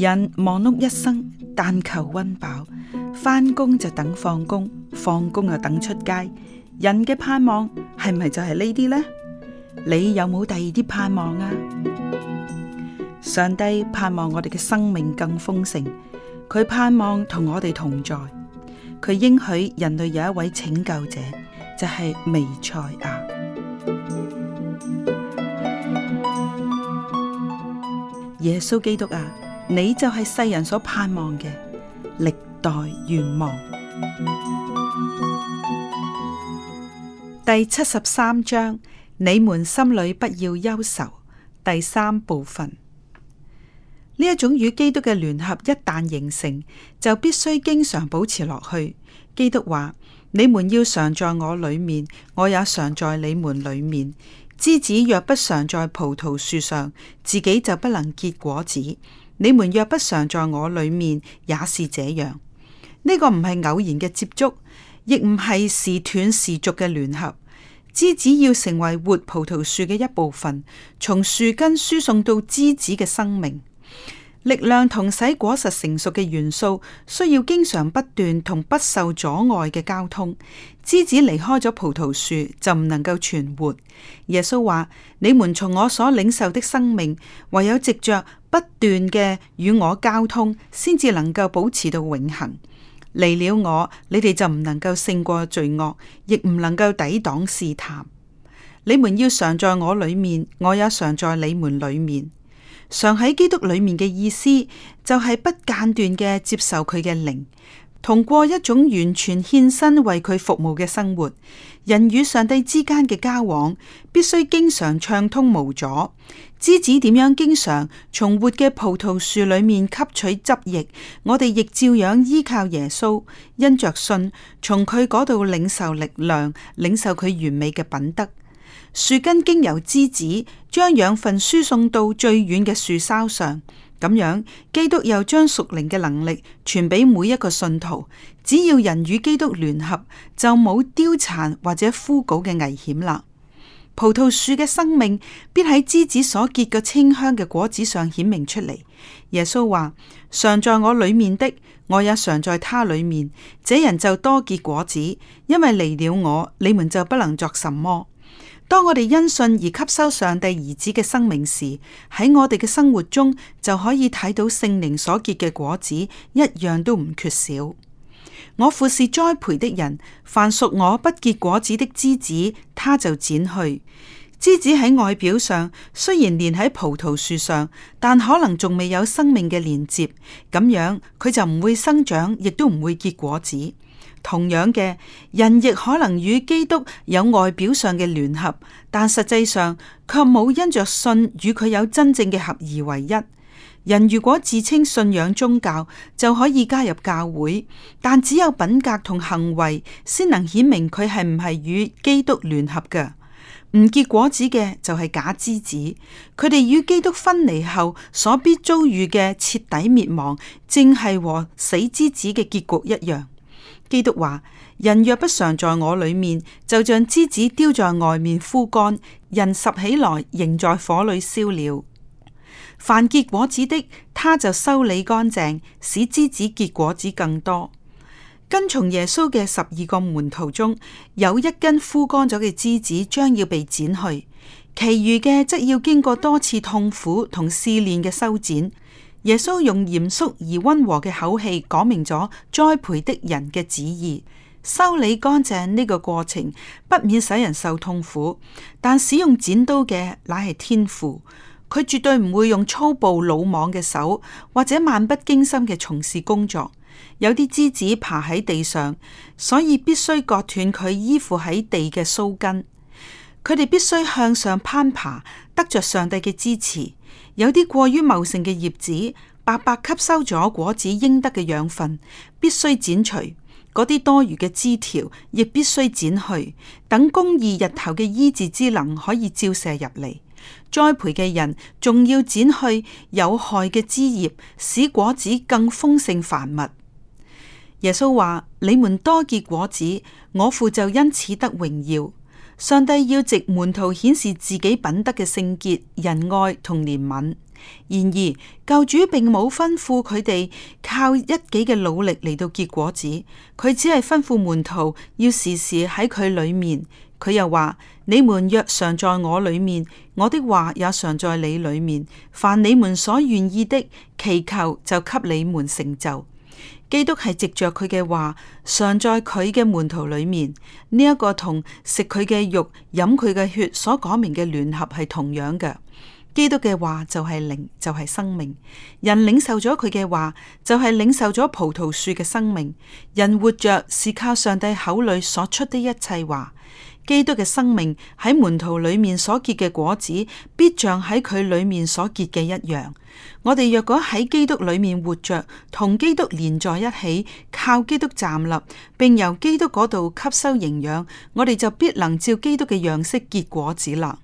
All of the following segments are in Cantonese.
人忙碌一生，但求溫飽，翻工就等放工，放工又等出街。人嘅盼望係咪就係呢啲呢？你有冇第二啲盼望啊？上帝盼望我哋嘅生命更豐盛，佢盼望同我哋同在，佢應許人類有一位拯救者，就係彌賽亞耶穌基督啊！你就係世人所盼望嘅，歷代願望。第七十三章，你們心裏不要憂愁。第三部分，呢一種與基督嘅聯合一旦形成，就必須經常保持落去。基督話：你們要常在我裏面，我也常在你們裏面。枝子若不常在葡萄樹上，自己就不能結果子。你們若不常在我裏面，也是這樣。呢個唔係偶然嘅接觸，亦唔係時斷時續嘅聯合。枝子要成為活葡萄樹嘅一部分，從樹根輸送到枝子嘅生命。力量同使果實成熟嘅元素，需要經常不斷同不受阻礙嘅交通。枝子離開咗葡萄樹就唔能夠存活。耶穌話：你們從我所領受的生命，唯有藉着不斷嘅與我交通，先至能夠保持到永恒。離了我，你哋就唔能夠勝過罪惡，亦唔能夠抵擋試探。你們要常在我裏面，我也常在你們裏面。常喺基督裏面嘅意思，就係不間斷嘅接受佢嘅靈，同過一種完全獻身為佢服務嘅生活。人與上帝之間嘅交往，必須經常暢通無阻。枝子點樣經常從活嘅葡萄樹裏面吸取汁液，我哋亦照樣依靠耶穌，因着信從佢嗰度領受力量，領受佢完美嘅品德。樹根經由枝子將養分輸送到最遠嘅樹梢上，咁樣基督又將屬靈嘅能力傳俾每一個信徒。只要人與基督聯合，就冇凋殘或者枯槁嘅危險啦。葡萄樹嘅生命必喺枝子所結嘅清香嘅果子上顯明出嚟。耶穌話：常在我裏面的，我也常在他裏面，這人就多結果子，因為離了我，你們就不能作什麼。當我哋因信而吸收上帝兒子嘅生命時，喺我哋嘅生活中就可以睇到聖靈所結嘅果子，一樣都唔缺少。我父是栽培的人，凡屬我不結果子的枝子，他就剪去。枝子喺外表上雖然連喺葡萄樹上，但可能仲未有生命嘅連接，咁樣佢就唔會生長，亦都唔會結果子。同樣嘅，人亦可能與基督有外表上嘅聯合，但實際上卻冇因着信與佢有真正嘅合而為一。人如果自稱信仰宗教，就可以加入教會，但只有品格同行為先能顯明佢係唔係與基督聯合嘅。唔結果子嘅就係假之子，佢哋與基督分離後所必遭遇嘅徹底滅亡，正係和死之子嘅結局一樣。基督話：人若不常在我裡面，就像枝子丟在外面枯乾；人拾起來，仍在火裡燒了。凡結果子的，他就修理乾淨，使枝子結果子更多。跟從耶穌嘅十二個門徒中，有一根枯乾咗嘅枝子將要被剪去，其餘嘅則要經過多次痛苦同試煉嘅修剪。耶穌用嚴肅而温和嘅口氣講明咗栽培的人嘅旨意，修理乾淨呢個過程不免使人受痛苦，但使用剪刀嘅乃係天父，佢絕對唔會用粗暴魯莽嘅手或者漫不經心嘅從事工作。有啲枝子爬喺地上，所以必須割斷佢依附喺地嘅鬚根，佢哋必須向上攀爬，得着上帝嘅支持。有啲過於茂盛嘅葉子，白白吸收咗果子應得嘅養分，必須剪除；嗰啲多餘嘅枝條亦必須剪去。等公義日頭嘅醫治之能可以照射入嚟，栽培嘅人仲要剪去有害嘅枝葉，使果子更豐盛繁密。耶穌話：你們多結果子，我父就因此得榮耀。上帝要藉門徒顯示自己品德嘅聖潔、仁愛同憐憫。然而，救主並冇吩咐佢哋靠一己嘅努力嚟到結果子，佢只係吩咐門徒要時時喺佢裏面。佢又話：你們若常在我裏面，我的話也常在你裏面。凡你們所願意的，祈求就給你們成就。基督係藉著佢嘅話，常在佢嘅門徒裏面，呢、這、一個同食佢嘅肉、飲佢嘅血所講明嘅聯合係同樣嘅。基督嘅話就係靈，就係生命。人領受咗佢嘅話，就係領受咗葡萄樹嘅生命。人活着是靠上帝口裏所出的一切話。基督嘅生命喺門徒裏面所結嘅果子，必像喺佢裏面所結嘅一樣。我哋若果喺基督裏面活着，同基督連在一起，靠基督站立，並由基督嗰度吸收營養，我哋就必能照基督嘅樣式結果子啦。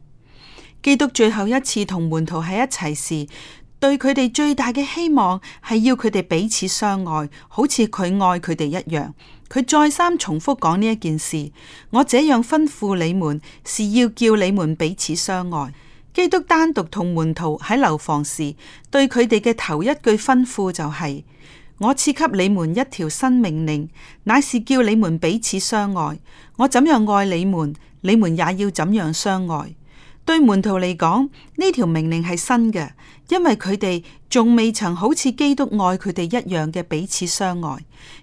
基督最後一次同門徒喺一齊時，對佢哋最大嘅希望係要佢哋彼此相愛，好似佢愛佢哋一樣。佢再三重複講呢一件事。我這樣吩咐你們，是要叫你們彼此相愛。基督單獨同門徒喺樓房時，對佢哋嘅頭一句吩咐就係：我賜給你們一條新命令，乃是叫你們彼此相愛。我怎樣愛你們，你們也要怎樣相愛。對門徒嚟講，呢條命令係新嘅，因為佢哋仲未曾好似基督愛佢哋一樣嘅彼此相愛。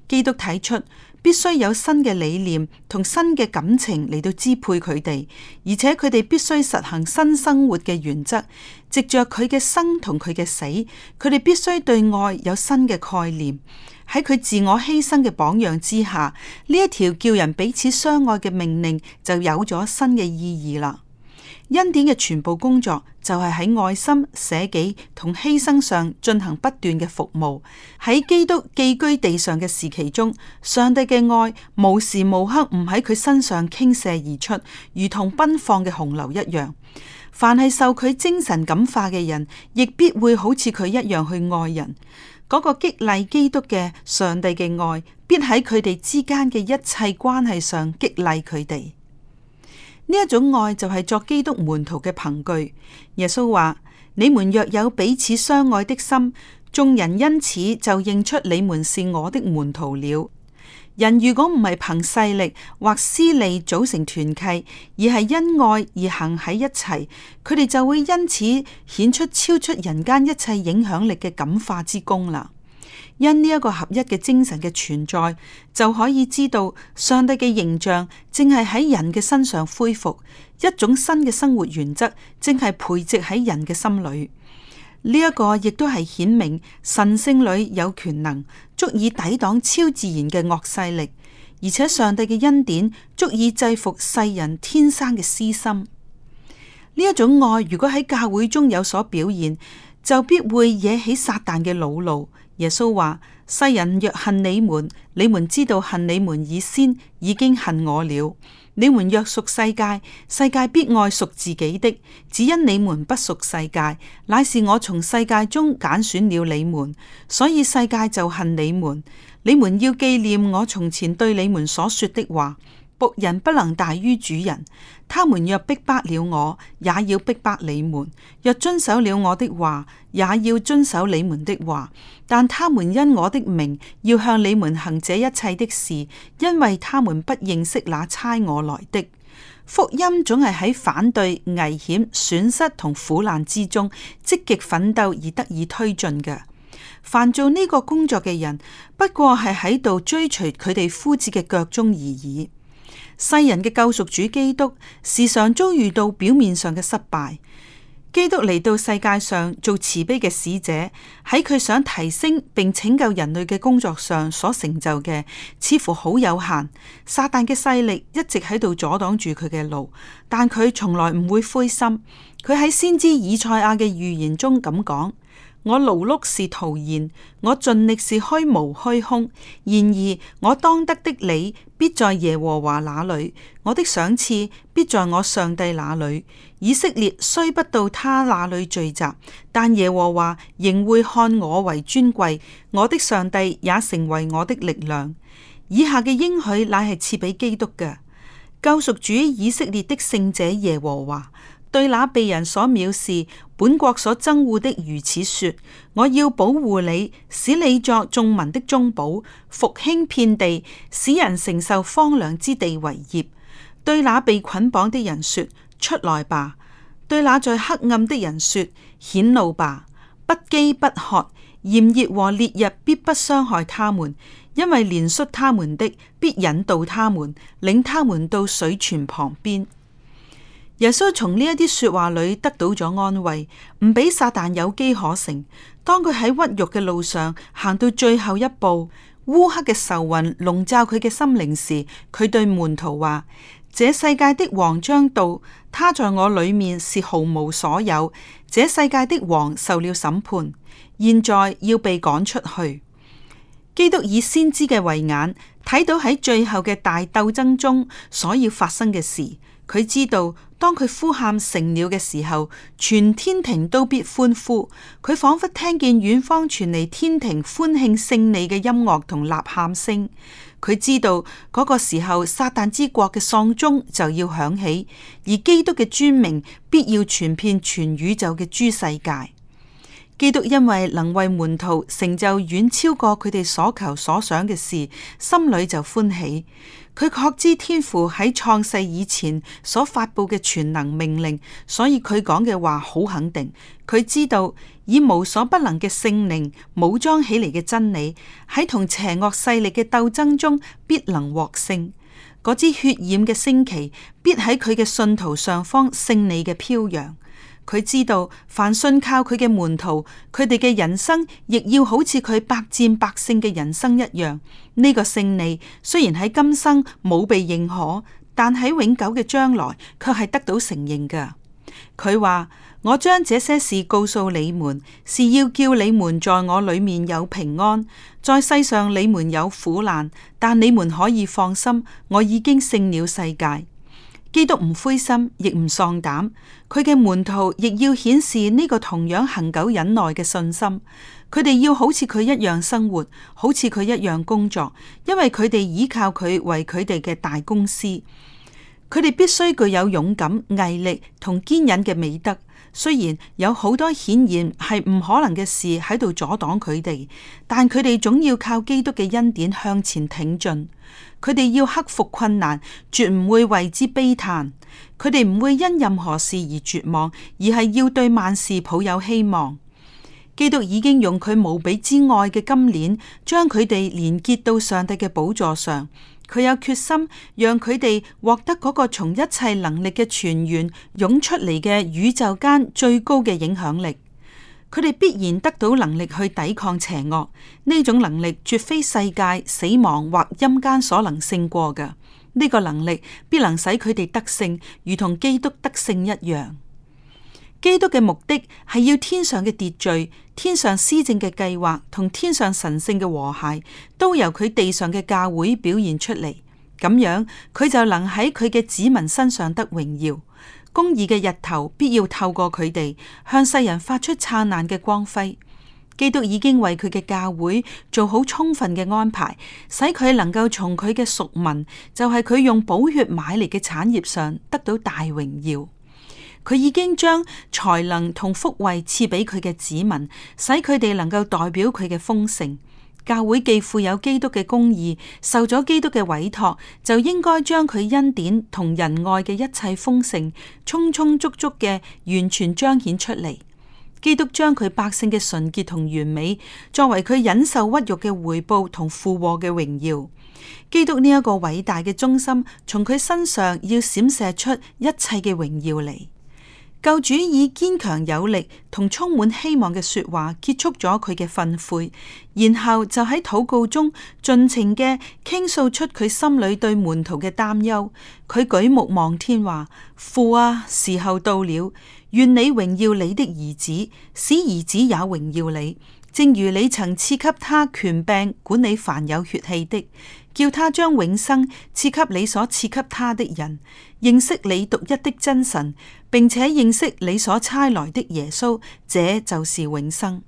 基督睇出必須有新嘅理念同新嘅感情嚟到支配佢哋，而且佢哋必須實行新生活嘅原則，藉着佢嘅生同佢嘅死，佢哋必須對愛有新嘅概念。喺佢自我犧牲嘅榜樣之下，呢一條叫人彼此相愛嘅命令就有咗新嘅意義啦。恩典嘅全部工作就係、是、喺愛心、捨己同犧牲上進行不斷嘅服務。喺基督寄居地上嘅時期中，上帝嘅愛無時無刻唔喺佢身上傾瀉而出，如同奔放嘅洪流一樣。凡係受佢精神感化嘅人，亦必會好似佢一樣去愛人。嗰、那個激勵基督嘅上帝嘅愛，必喺佢哋之間嘅一切關係上激勵佢哋。呢一種愛就係作基督門徒嘅憑據。耶穌話：你們若有彼此相愛的心，眾人因此就認出你們是我的門徒了。人如果唔係憑勢力或私利組成團契，而係因愛而行喺一齊，佢哋就會因此顯出超出人間一切影響力嘅感化之功啦。因呢一個合一嘅精神嘅存在，就可以知道上帝嘅形象正係喺人嘅身上恢復一種新嘅生活原則，正係培植喺人嘅心裏。呢、這、一個亦都係顯明神性裏有權能足以抵擋超自然嘅惡勢力，而且上帝嘅恩典足以制服世人天生嘅私心。呢一種愛如果喺教會中有所表現，就必會惹起撒旦嘅惱怒。耶穌話：世人若恨你們，你們知道恨你們以先已經恨我了。你們若屬世界，世界必愛屬自己的；只因你們不屬世界，乃是我從世界中揀選了你們，所以世界就恨你們。你們要紀念我從前對你們所說的話：僕人不能大於主人。他們若逼迫了我，也要逼迫你們；若遵守了我的話，也要遵守你們的話。但他們因我的名要向你們行這一切的事，因為他們不認識那差我來的。福音總係喺反對、危險、損失同苦難之中，積極奮鬥而得以推進嘅。凡做呢個工作嘅人，不過係喺度追隨佢哋夫子嘅腳蹤而已。世人嘅救贖主基督，時常遭遇到表面上嘅失敗。基督嚟到世界上做慈悲嘅使者，喺佢想提升並拯救人類嘅工作上所成就嘅，似乎好有限。撒旦嘅勢力一直喺度阻擋住佢嘅路，但佢從來唔會灰心。佢喺先知以賽亞嘅預言中咁講。我勞碌是徒然，我盡力是虛無虛空。然而我當得的理必在耶和華那裏，我的賞賜必在我上帝那裏。以色列雖不到他那裏聚集，但耶和華仍會看我為尊貴，我的上帝也成為我的力量。以下嘅應許乃係賜俾基督嘅救贖主，以色列的聖者耶和華。對那被人所藐視、本國所憎惡的如此說：我要保護你，使你作眾民的中保，復興遍地，使人承受荒涼之地為業。對那被捆綁的人說：出來吧！對那在黑暗的人說：顯露吧！不飢不渴，炎熱和烈日必不傷害他們，因為憐恤他們的必引導他們，領他們到水泉旁邊。耶穌從呢一啲說話裏得到咗安慰，唔俾撒旦有機可乘。當佢喺屈辱嘅路上行到最後一步，烏黑嘅愁雲籠罩佢嘅心靈時，佢對門徒話：「這世界的王將到，他在我裏面是毫無所有。這世界的王受了審判，現在要被趕出去。」基督以先知嘅慧眼睇到喺最後嘅大鬥爭中所要發生嘅事。佢知道，當佢呼喊成了嘅時候，全天庭都必歡呼。佢仿佛聽見遠方傳嚟天庭歡慶勝利嘅音樂同吶喊聲。佢知道，嗰個時候，撒旦之國嘅喪鐘就要響起，而基督嘅尊名必要傳遍全宇宙嘅諸世界。基督因為能為門徒成就遠超過佢哋所求所想嘅事，心裏就歡喜。佢確知天父喺創世以前所發佈嘅全能命令，所以佢講嘅話好肯定。佢知道以無所不能嘅聖靈武裝起嚟嘅真理，喺同邪惡勢力嘅鬥爭中必能獲勝。嗰支血染嘅星旗必喺佢嘅信徒上方勝利嘅飄揚。佢知道，凡信靠佢嘅門徒，佢哋嘅人生亦要好似佢百戰百勝嘅人生一樣。呢、這個勝利雖然喺今生冇被認可，但喺永久嘅將來卻係得到承認㗎。佢話：我將這些事告訴你們，是要叫你們在我裏面有平安。在世上你們有苦難，但你們可以放心，我已經勝了世界。基督唔灰心，亦唔喪膽。佢嘅門徒亦要顯示呢個同樣恆久忍耐嘅信心，佢哋要好似佢一樣生活，好似佢一樣工作，因為佢哋依靠佢為佢哋嘅大公司，佢哋必須具有勇敢、毅力同堅忍嘅美德。雖然有好多顯然係唔可能嘅事喺度阻擋佢哋，但佢哋總要靠基督嘅恩典向前挺進。佢哋要克服困難，絕唔會為之悲嘆。佢哋唔會因任何事而絕望，而係要對萬事抱有希望。基督已經用佢無比之愛嘅金鏈，將佢哋連結到上帝嘅寶座上。佢有決心，讓佢哋獲得嗰個從一切能力嘅泉源湧出嚟嘅宇宙間最高嘅影響力。佢哋必然得到能力去抵抗邪惡，呢種能力絕非世界、死亡或陰間所能勝過嘅。呢、這個能力必能使佢哋得勝，如同基督得勝一樣。基督嘅目的係要天上嘅秩序、天上施政嘅計劃同天上神聖嘅和諧，都由佢地上嘅教會表現出嚟。咁樣佢就能喺佢嘅子民身上得榮耀。公義嘅日頭必要透過佢哋向世人發出燦爛嘅光輝。基督已經為佢嘅教會做好充分嘅安排，使佢能夠從佢嘅屬民，就係佢用寶血買嚟嘅產業上得到大榮耀。佢已經將才能同福惠賜俾佢嘅子民，使佢哋能夠代表佢嘅豐盛。教會既富有基督嘅公義，受咗基督嘅委託，就應該將佢恩典同仁愛嘅一切豐盛，充充足足嘅完全彰顯出嚟。基督將佢百姓嘅純潔同完美，作為佢忍受屈辱嘅回報同復和嘅榮耀。基督呢一個偉大嘅中心，從佢身上要閃射出一切嘅榮耀嚟。救主以堅強有力同充滿希望嘅說話結束咗佢嘅訓誨，然後就喺禱告中盡情嘅傾訴出佢心裏對門徒嘅擔憂。佢舉目望天話，話，父啊，時候到了，願你榮耀你的兒子，使兒子也榮耀你，正如你曾賜給他權柄，管理凡有血氣的。叫他將永生賜給你所賜給他的人，認識你獨一的真神，並且認識你所差來的耶穌，這就是永生。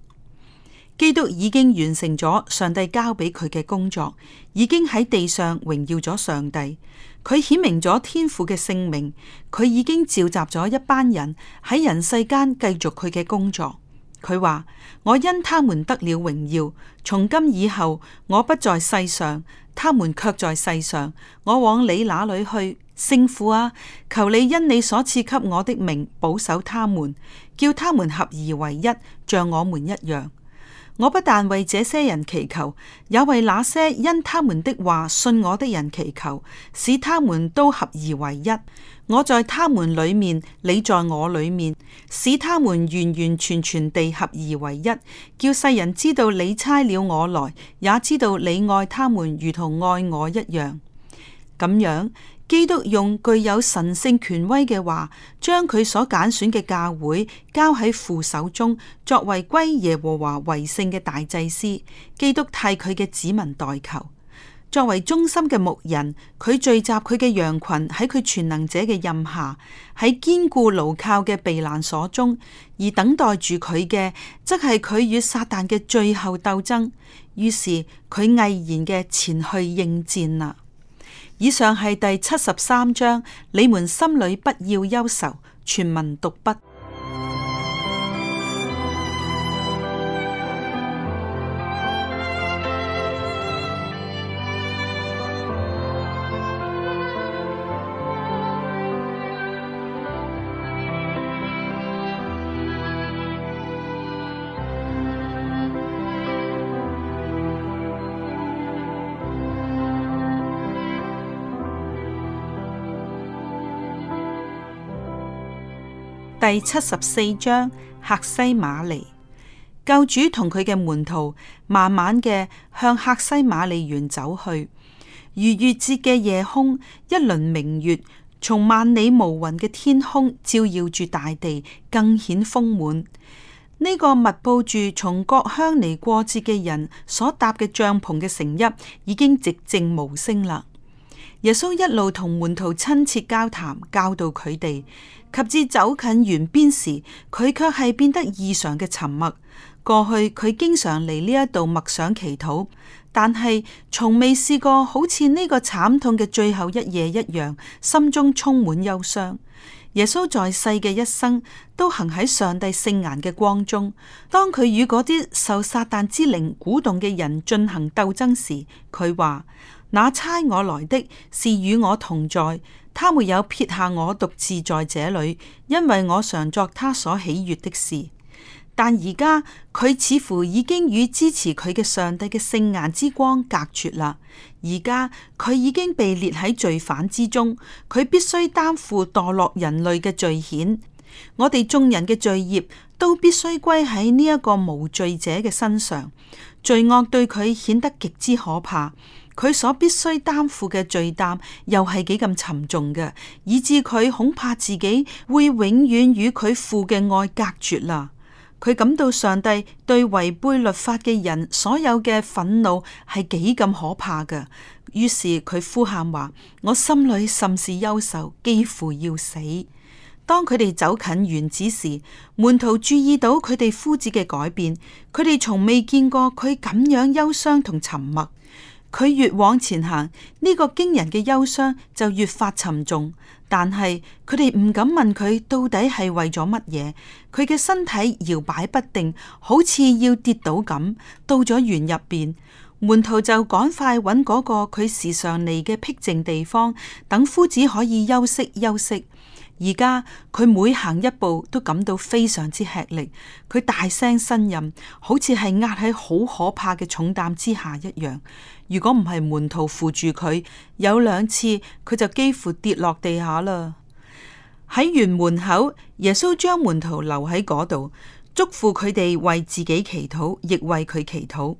基督已經完成咗上帝交俾佢嘅工作，已經喺地上榮耀咗上帝，佢顯明咗天父嘅聖名，佢已經召集咗一班人喺人世間繼續佢嘅工作。佢話：我因他們得了榮耀，從今以後我不在世上，他們卻在世上。我往你那裏去，聖父啊，求你因你所賜給我的名保守他們，叫他們合而為一，像我們一樣。我不但為這些人祈求，也為那些因他們的話信我的人祈求，使他們都合而為一。我在他們裏面，你在我裏面，使他們完完全全地合而為一，叫世人知道你差了我來，也知道你愛他們如同愛我一樣。咁樣。基督用具有神聖權威嘅話，將佢所揀選嘅教會交喺父手中，作為歸耶和華為聖嘅大祭司。基督替佢嘅子民代求，作為忠心嘅牧人，佢聚集佢嘅羊群喺佢全能者嘅任下，喺堅固牢靠嘅避難所中。而等待住佢嘅，則係佢與撒旦嘅最後鬥爭。於是佢毅然嘅前去應戰啦。以上係第七十三章，你們心裏不要憂愁。全文讀畢。第七十四章，赫西馬尼，救主同佢嘅門徒慢慢嘅向赫西馬尼園走去。如月節嘅夜空，一輪明月從萬里無雲嘅天空照耀住大地，更顯豐滿。呢、這個密布住從各鄉嚟過節嘅人所搭嘅帳篷嘅城邑，已經寂靜無聲啦。耶穌一路同門徒親切交談，教導佢哋，及至走近園邊時，佢卻係變得異常嘅沉默。過去佢經常嚟呢一度默想祈禱，但係從未試過好似呢個慘痛嘅最後一夜一樣，心中充滿憂傷。耶穌在世嘅一生都行喺上帝聖顏嘅光中，當佢與嗰啲受撒旦之靈鼓動嘅人進行鬥爭時，佢話。那差我來的是與我同在，他沒有撇下我獨自在這裏，因為我常作他所喜悦的事。但而家佢似乎已經與支持佢嘅上帝嘅聖顏之光隔絕啦。而家佢已經被列喺罪犯之中，佢必須擔負墮落人類嘅罪愆。我哋眾人嘅罪孽都必須歸喺呢一個無罪者嘅身上。罪惡對佢顯得極之可怕，佢所必須擔負嘅罪擔又係幾咁沉重嘅，以致佢恐怕自己會永遠與佢父嘅愛隔絕啦。佢感到上帝對違背律法嘅人所有嘅憤怒係幾咁可怕嘅，於是佢呼喊話：我心裏甚是憂愁，幾乎要死。當佢哋走近園子時，門徒注意到佢哋夫子嘅改變。佢哋從未見過佢咁樣憂傷同沉默。佢越往前行，呢、這個驚人嘅憂傷就越發沉重。但係佢哋唔敢問佢到底係為咗乜嘢。佢嘅身體搖擺不定，好似要跌倒咁。到咗園入邊，門徒就趕快揾嗰個佢時常嚟嘅僻靜地方，等夫子可以休息休息。而家佢每行一步都感到非常之吃力，佢大聲呻吟，好似係壓喺好可怕嘅重擔之下一樣。如果唔係門徒扶住佢，有兩次佢就幾乎跌落地下啦。喺園門口，耶穌將門徒留喺嗰度，祝福佢哋為自己祈禱，亦為佢祈禱。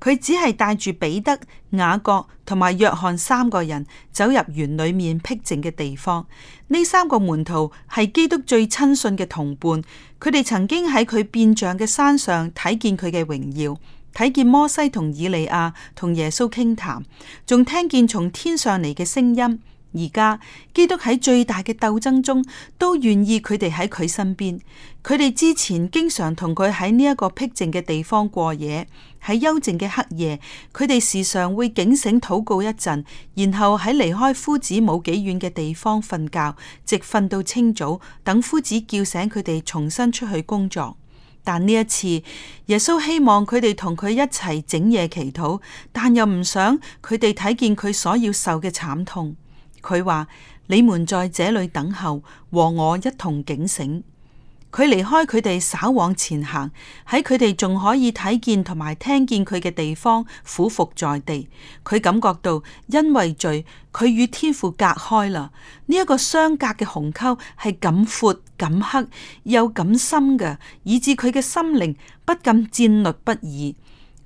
佢只係帶住彼得、雅各同埋約翰三個人走入園裏面僻靜嘅地方。呢三個門徒係基督最親信嘅同伴，佢哋曾經喺佢變像嘅山上睇見佢嘅榮耀，睇見摩西同以利亞同耶穌傾談，仲聽見從天上嚟嘅聲音。而家基督喺最大嘅鬥爭中，都願意佢哋喺佢身邊。佢哋之前經常同佢喺呢一個僻靜嘅地方過夜，喺幽靜嘅黑夜，佢哋時常會警醒禱告一陣，然後喺離開夫子冇幾遠嘅地方瞓覺，直瞓到清早，等夫子叫醒佢哋，重新出去工作。但呢一次，耶穌希望佢哋同佢一齊整夜祈禱，但又唔想佢哋睇見佢所要受嘅慘痛。佢話：你們在這裏等候，和我一同警醒。佢離開佢哋，稍往前行，喺佢哋仲可以睇見同埋聽見佢嘅地方，俯伏在地。佢感覺到因為罪，佢與天父隔開啦。呢、這、一個相隔嘅鴻溝係咁闊、咁黑又咁深嘅，以致佢嘅心靈不禁戰慄不已。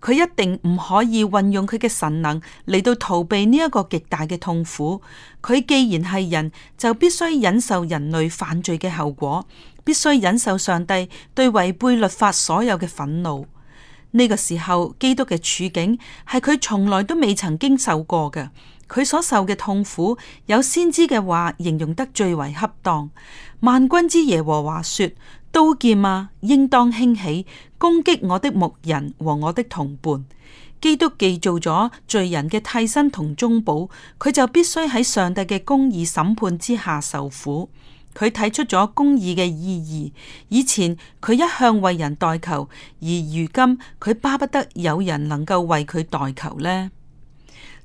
佢一定唔可以運用佢嘅神能嚟到逃避呢一個極大嘅痛苦。佢既然係人，就必須忍受人類犯罪嘅後果，必須忍受上帝對違背律法所有嘅憤怒。呢個時候，基督嘅處境係佢從來都未曾經受過嘅。佢所受嘅痛苦，有先知嘅話形容得最為恰當。萬軍之耶和華說。刀劍啊，應當興起攻擊我的牧人和我的同伴。基督既做咗罪人嘅替身同中保，佢就必須喺上帝嘅公義審判之下受苦。佢睇出咗公義嘅意義。以前佢一向為人代求，而如今佢巴不得有人能夠為佢代求呢。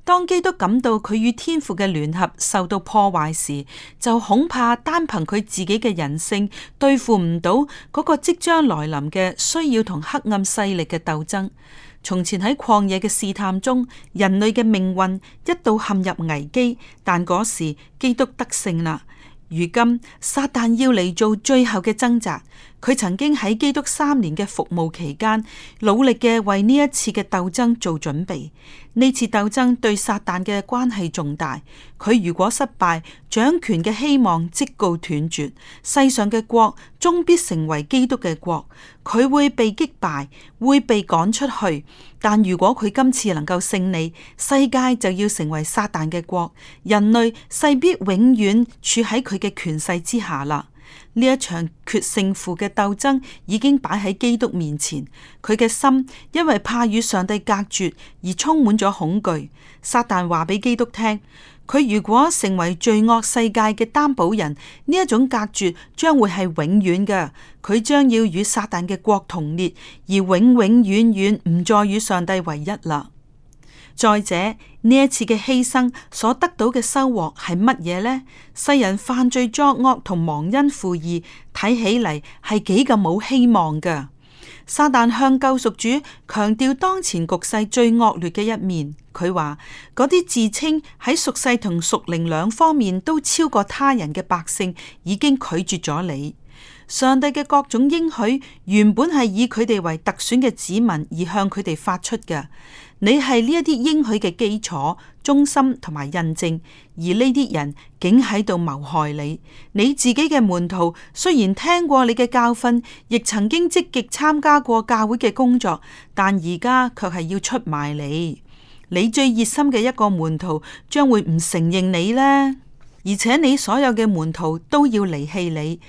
當基督感到佢與天父嘅聯合受到破壞時，就恐怕單憑佢自己嘅人性對付唔到嗰個即將來臨嘅需要同黑暗勢力嘅鬥爭。從前喺曠野嘅試探中，人類嘅命運一度陷入危機，但嗰時基督得勝啦。如今撒旦要嚟做最後嘅掙扎。佢曾經喺基督三年嘅服務期間，努力嘅為呢一次嘅鬥爭做準備。呢次鬥爭對撒旦嘅關係重大。佢如果失敗，掌權嘅希望即告斷絕。世上嘅國終必成為基督嘅國。佢會被擊敗，會被趕出去。但如果佢今次能夠勝利，世界就要成為撒旦嘅國，人類勢必永遠處喺佢嘅權勢之下啦。呢一場決勝負嘅鬥爭已經擺喺基督面前，佢嘅心因為怕與上帝隔絕而充滿咗恐懼。撒旦話俾基督聽，佢如果成為罪惡世界嘅擔保人，呢一種隔絕將會係永遠嘅，佢將要與撒旦嘅國同列，而永永遠遠唔再與上帝為一啦。再者，呢一次嘅犧牲所得到嘅收穫係乜嘢呢？世人犯罪作惡同忘恩負義，睇起嚟係幾咁冇希望噶。撒旦向救贖主強調當前局勢最惡劣嘅一面，佢話嗰啲自稱喺屬世同屬靈兩方面都超過他人嘅百姓，已經拒絕咗你。上帝嘅各種應許原本係以佢哋為特選嘅子民而向佢哋發出嘅。你係呢一啲應許嘅基礎、中心同埋印證，而呢啲人竟喺度謀害你。你自己嘅門徒雖然聽過你嘅教訓，亦曾經積極參加過教會嘅工作，但而家卻係要出賣你。你最熱心嘅一個門徒將會唔承認你呢？而且你所有嘅門徒都要離棄你。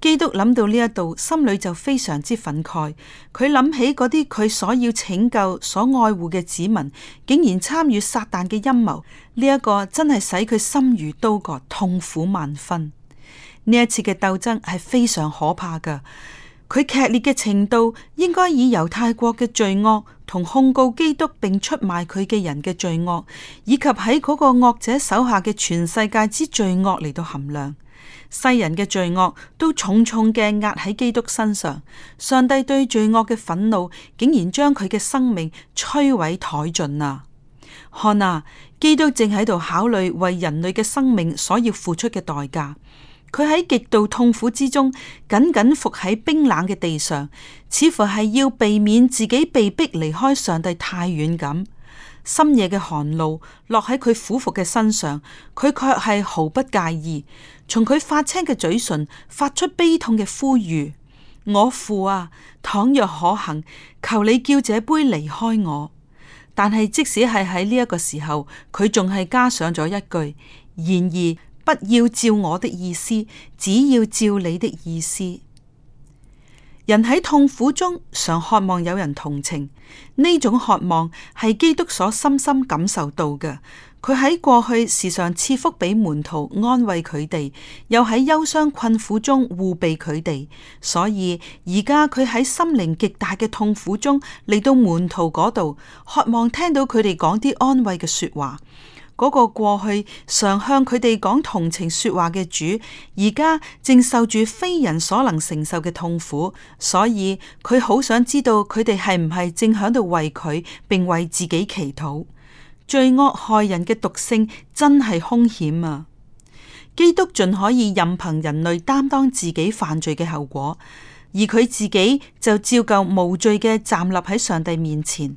基督諗到呢一度，心裏就非常之憤慨。佢諗起嗰啲佢所要拯救，所愛護嘅子民，竟然參與撒旦嘅陰謀，呢一個真係使佢心如刀割，痛苦萬分。呢一次嘅鬥爭係非常可怕㗎。佢劇烈嘅程度，應該以猶太國嘅罪惡同控告基督並出賣佢嘅人嘅罪惡，以及喺嗰個惡者手下嘅全世界之罪惡嚟到衡量。世人嘅罪惡都重重嘅壓喺基督身上，上帝對罪惡嘅憤怒竟然將佢嘅生命摧毀殆盡啊。看啊，基督正喺度考慮為人類嘅生命所要付出嘅代價，佢喺極度痛苦之中緊緊伏喺冰冷嘅地上，似乎係要避免自己被逼離開上帝太遠咁。深夜嘅寒露落喺佢俯伏嘅身上，佢卻係毫不介意。從佢發青嘅嘴唇發出悲痛嘅呼籲：我父啊，倘若可行，求你叫這杯離開我。但係即使係喺呢一個時候，佢仲係加上咗一句：然而不要照我的意思，只要照你的意思。人喺痛苦中常渴望有人同情，呢種渴望係基督所深深感受到嘅。佢喺過去時常賜福俾門徒安慰佢哋，又喺憂傷困苦中護庇佢哋，所以而家佢喺心靈極大嘅痛苦中嚟到門徒嗰度，渴望聽到佢哋講啲安慰嘅說話。嗰個過去常向佢哋講同情說話嘅主，而家正受住非人所能承受嘅痛苦，所以佢好想知道佢哋係唔係正喺度為佢並為自己祈禱。罪惡害人嘅毒性真係兇險啊！基督盡可以任憑人類擔當自己犯罪嘅後果，而佢自己就照舊無罪嘅站立喺上帝面前。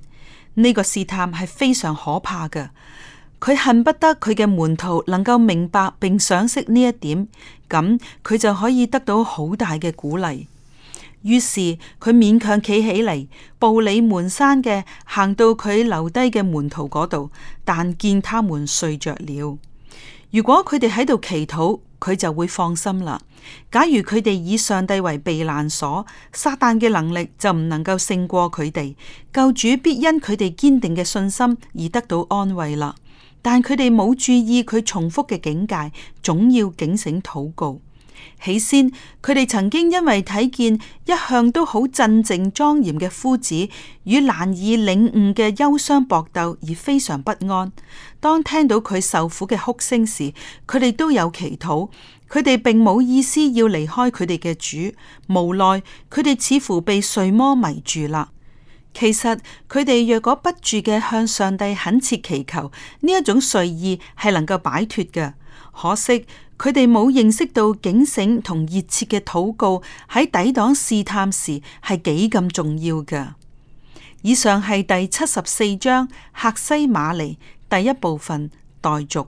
呢、這個試探係非常可怕嘅。佢恨不得佢嘅門徒能夠明白並賞識呢一點，咁佢就可以得到好大嘅鼓勵。於是佢勉強企起嚟，步履蹣跚嘅行到佢留低嘅門徒嗰度，但見他們睡着了。如果佢哋喺度祈禱，佢就會放心啦。假如佢哋以上帝為避難所，撒旦嘅能力就唔能夠勝過佢哋，救主必因佢哋堅定嘅信心而得到安慰啦。但佢哋冇注意佢重複嘅警戒，總要警醒禱告。起先，佢哋曾經因為睇見一向都好鎮靜莊嚴嘅夫子與難以領悟嘅憂傷搏鬥而非常不安。當聽到佢受苦嘅哭聲時，佢哋都有祈禱。佢哋並冇意思要離開佢哋嘅主，無奈佢哋似乎被睡魔迷住啦。其實佢哋若果不住嘅向上帝懇切祈求，呢一種睡意係能夠擺脫嘅。可惜佢哋冇認識到警醒同熱切嘅禱告喺抵擋試探時係幾咁重要嘅。以上係第七十四章《客西馬尼》第一部分待續。